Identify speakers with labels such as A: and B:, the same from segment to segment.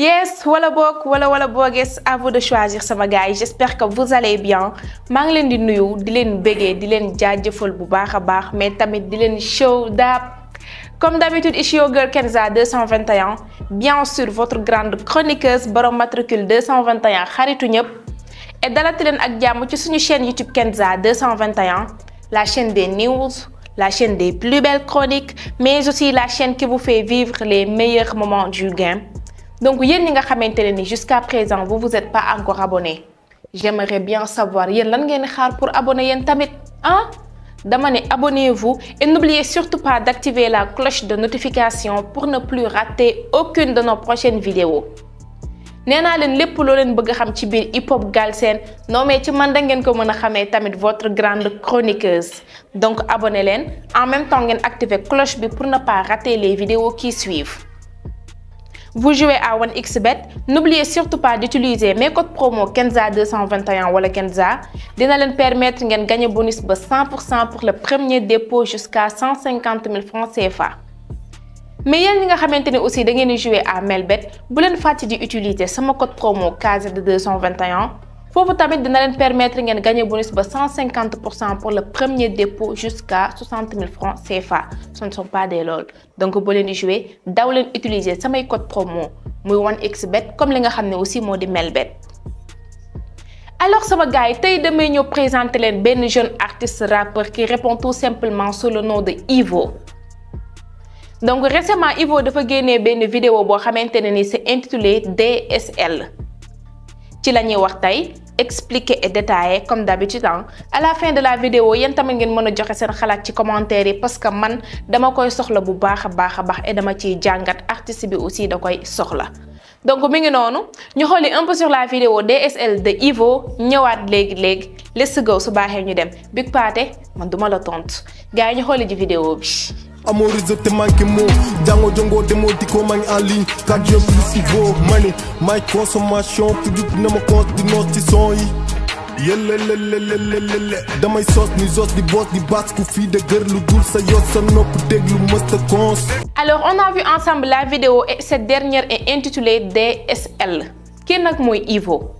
A: yes wala boog wala wala à vous de choisir ce gars j'espère que vous allez bien maa du leen di nuyu di leen bëggee di leen bu mais tamit di show up comme d'habitude ici au girl Kenza 221 bien sûr votre grande chroniqueuse borom matricule 221 xaritu Et et la télé ak vous ci suñu chaîne YouTube Kenza 221 la chaîne des news la chaîne des plus belles chroniques mais aussi la chaîne qui vous fait vivre les meilleurs moments du game donc vous savez nga xamante jusqu'à présent vous vous êtes pas encore abonné j'aimerais bien savoir yéen lan ngeen xaar pour vous abonner. tamit ah dama abonnez-vous et n'oubliez surtout pas d'activer la cloche de notification pour ne plus rater aucune de nos prochaines vidéos Néna len les lo len bëgg xam ci biir hip hop gal sen mais ci man da ngeen ko mëna xamé tamit votre grande chroniqueuse donc abonnez-vous en même temps ngeen activer cloche bi pour ne pas rater les vidéos qui suivent vous jouez à 1xbet, n'oubliez surtout pas d'utiliser mes codes promo KENZA221 ou KENZA. Dina len permettre de gagner bonus de 100% pour le premier dépôt jusqu'à 150 000 francs CFA. mais si vous nga aussi jouer à Melbet vous pouvez utiliser code promo KENZA221 pour vous permettre de gagner bonus ba 150 pour le premier dépôt jusqu'à 60 000 francs CFA ce ne sont pas des lol. donc boo leen di jouer daw leen utiliser samay code promo muy 1xbet comme li nga xamné aussi modi melbet. alors sama gars vous ñu présenter leen jeune artiste rappeur qui répond tout simplement sous le nom de Ivo. donc récemment Ivo a fait une vidéo qui xamante c'est intitulé DSL ci la wax tay expliquer et détailler comme d'habitude hein à la fin de la vidéo yéen tamit ngeen mën joxe seen xalaat ci commentaire yi parce que man dama koy soxla bu baax a bax et dama ci jàngat artiste bi aussi da koy soxla donc mi ngi nonu ñu xooli un peu sur la vidéo DSL de Ivo ñëwaat légui légui let's go su baaxé ñu dem Big Paté man duma la tontu gaay ñu xooli ji vidéo bi te manke mo jango jongo demo diko mangi en ligne cardio plus niveau money my consommation produit na ma compte di noti son yi yëlelelelelele damay sos ni sos di boos di baas ku fii de gër lu dul sa yoos sa nopp déglu mësta cons alors on a vu ensemble la vidéo et cette dernière est intitulée DSL kenn nag mooy Ivo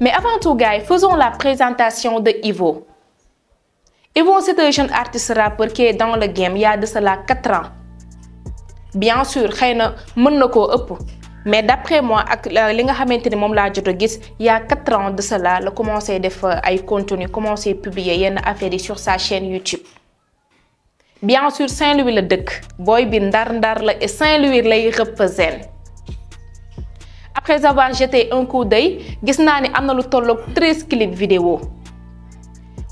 A: mais avant tout gars faisons la présentation de Ivo Yvon, c'est un jeune artiste rappeur qui est dans le game il y a de cela 4 ans. Bien sûr, il peut mais d'après moi, ak li nga il y a 4 ans de cela a commencé faire des euh, contenu commencé publier des affaires sur sa chaîne YouTube. bien sûr Saint-Louis le deuk. boy bin ndar-ndar la et Saint-Louis le représente. après avoir jeté un coup d'œil j'ai vu qu'il am lu clips vidéo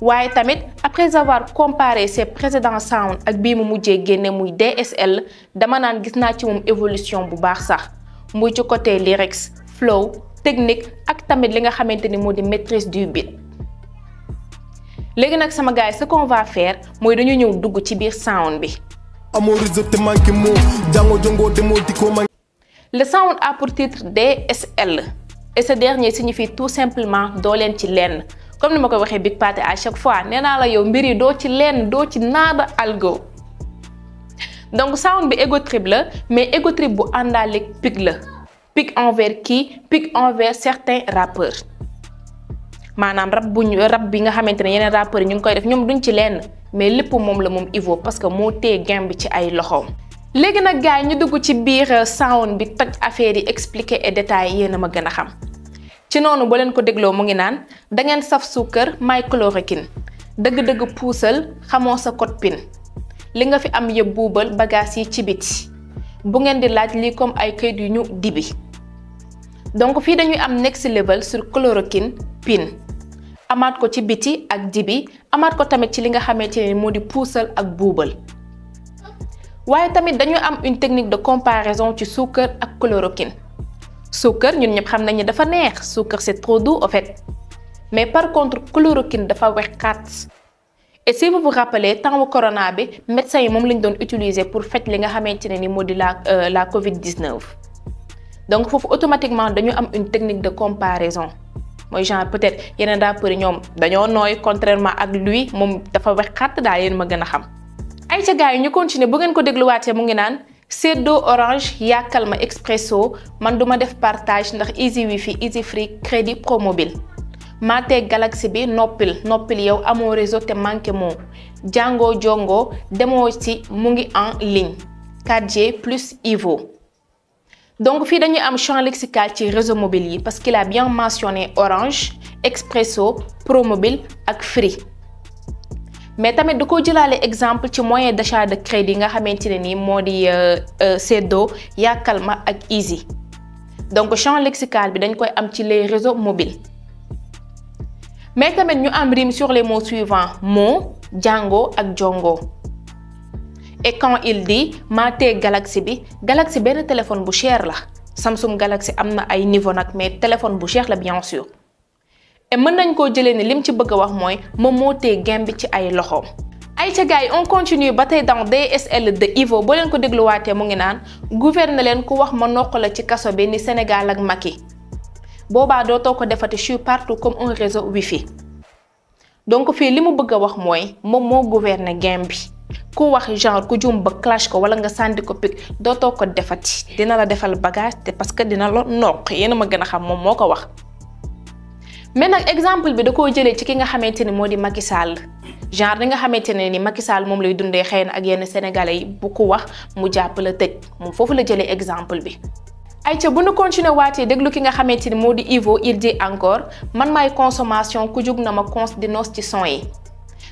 A: waye tamit après avoir comparé ses précédents sound ak bi mu mujjé génné muy DSL dama nan gis na ci mom évolution bu baax sax muy ci côté lyrics flow technique ak tamit li nga xamante modi maîtrise du beat. légui nak sama gars ce qu'on va faire moy dañu ñew dugg ci biir sound bi. Le sound a pour titre DSL et ce dernier signifie tout simplement doo ci lenn comme je ma ko Big Paté à chaque fois nee la un ci do ci algo donc sound bi ego mais ego trip bu andale pic envers qui pic envers certains rappeurs Je rap bu ñu rap bi nga rappeurs ñu koy def duñ ci mais lepp mom la mom parce que mo té game bi ci ay gars ñu dugg ci biir sound bi vais affaire expliquer et détails. ci noonu baleen ko dégloo mu ngi naan dangeen saf suukar may chloroquine dëgg-dëgg puusal xamoo sa code PIN li nga fi am yëpp buubal bagages yi ci biti bu ngeen di laaj lii comme ay kayit yu ñu dibi donc fii dañuy am next level sur chloroquine PIN amaat ko ci biti ak dibi amaat ko tamit ci li nga xamante ne moo di puusal ak buubal waaye tamit dañu am une technique de comparaison ci suukar ak chloroquine Sucre, ñun ñëpp xam ni dafa neex Sucre, c'est trop doux en fait mais par contre chloroquine dafa wexxaat et si vous vous rappelez temps wu corona bi médecins yi moom lañ doon utiliser pour faj li nga xamante ni moo di la euh, la Covid 19. donc foofu automatiquement dañu am une technique de comparaison mooy genre peut-être yeneen rappeurs yi ñoom dañoo nooy contrairement ak lui moom dafa wexxaat daal yéen ma gën a xam. ay ca gars yi ñu continuer bu ngeen ko dégluwaatee mu ngi naan. seddoo orange yàkkal ma expresso man duma def partage ndax easy wifi easy free crédit promobile Maté Galaxy bi noppil noppil yow amoo réseau te manqué moo jàngoo jongoo demoo ci mu ngi en ligne 4G plus Ivo donc fii dañuy am champ ci réseau mobile yi parce qu'il a bien mentionné orange expresso promobile ak free mais tamit da koo exemple ci moyen d'achat de crédit nga xamante ne nii CEDO, euh, euh, ak Easy donc champ lexical bi dañ koy am ci les réseaux mobiles mais tamit ñu am rime sur les mots suivants mot Django ak jongo et quand il dit mate Galaxy », Galaxy bi Galaxy ben téléphone bu cher la Samsung Galaxy amn'a ay niveau nak mais téléphone bu cher la bien sûr te mën nañ koo jëlee ni lim ci bëgg a wax mooy moom moo tee game bi ci ay loxoom. ay ca gars yi continue ba tey dans DSL de Ivo boo leen ko dégluwaatee mu ngi naan gouverne leen ku wax ma noq la ci kaso bi ni senegal ak yi boobaa dootoo ko defati je suis partout comme un réseau wifi donc fii li mu bëgg a wax mooy moom moo gouverner game bi ku wax genre ku juum ba clash ko wala nga sànni ko pic dootoo ko defati dina la defal bagage te parce que dina la noq yéen a ma gën a xam moom moo ko wax. mais nag exemple bi da koo jëlee ci ki nga xamante ni moo di Macky Sall genre li nga xamante ne ni Macky moom lay dundee xëy na ak yenn sénégalais yi bu ko wax mu jàpp la tëj moom foofu la jëlee exemple bi. ayca bu nu continuer waatee déglu ki nga xamante ni moo di Ivo il dit encore man maay consommation ku jug na ma conse di noos ci son yi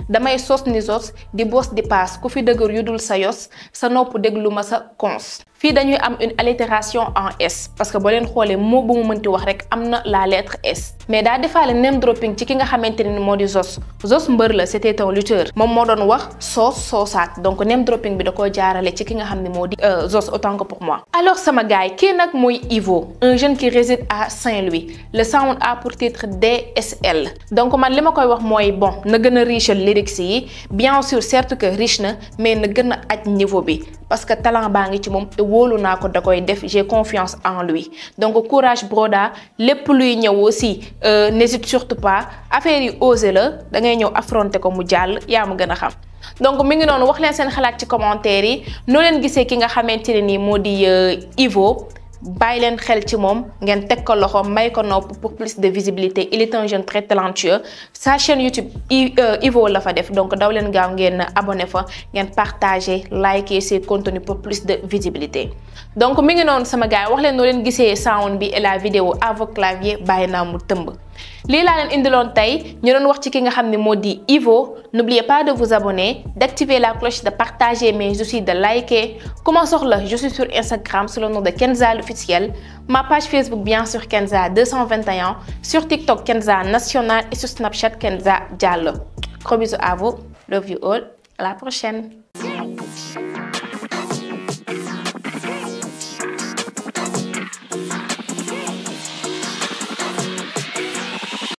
A: damay sos ni sos di bos di paas ku fi dëgër yu dul sa yos sa nopp déglu ma sa cons. fii dañuy am une allitération en S parce que boo leen xoolee mot bu mu mënti wax rek la lettre S mais daa defaale name dropping ci ki nga xamante ne moo di Zos Zos mbër la c'était un lutteur Mon mot doon wax soos soosaat donc name dropping bi da koo jaarale ci ki nga xam ne moo euh, Zos autant que pour moi. alors sama gars qui kii nag Ivo un jeune qui réside à Saint-Louis le sound a pour titre DSL donc man li ma koy wax mooy bon na gën a riche lyrics yi bien sûr certes que riche na mais na gën à niveau bi parce que talent baa ngi ci j'ai confiance en lui donc courage Broda les luy ñëw aussi euh, n'hésite surtout pas affaire yi le vous da affronter comme mu jàll xam. donc mi ngi noonu wax leen seen xalaat ci commentaire yi noo leen gisee ki nga xamante ne euh, Ivo. Bailen leen xel ci mom ngeen teg ko loxo may ko nopp pour plus de visibilité il est un jeune très talentueux sa chaîne YouTube euh, Ivo la fa def donc daw len gaaw ngeen abonné fa ngeen partager liker ses contenus pour plus de visibilité donc mi ngi non sama gars wax len no len gisee sound bi et la vidéo avec clavier claviers bàyyi mu tëmb Ivo n'oubliez pas de vous abonner d'activer la cloche de partager mais aussi de liker Commencez-le, je suis sur Instagram sous le nom de Kenza l'officiel ma page Facebook bien sûr Kenza 221 sur TikTok Kenza national et sur Snapchat Kenza Diallo gros bisous à vous love you all à la prochaine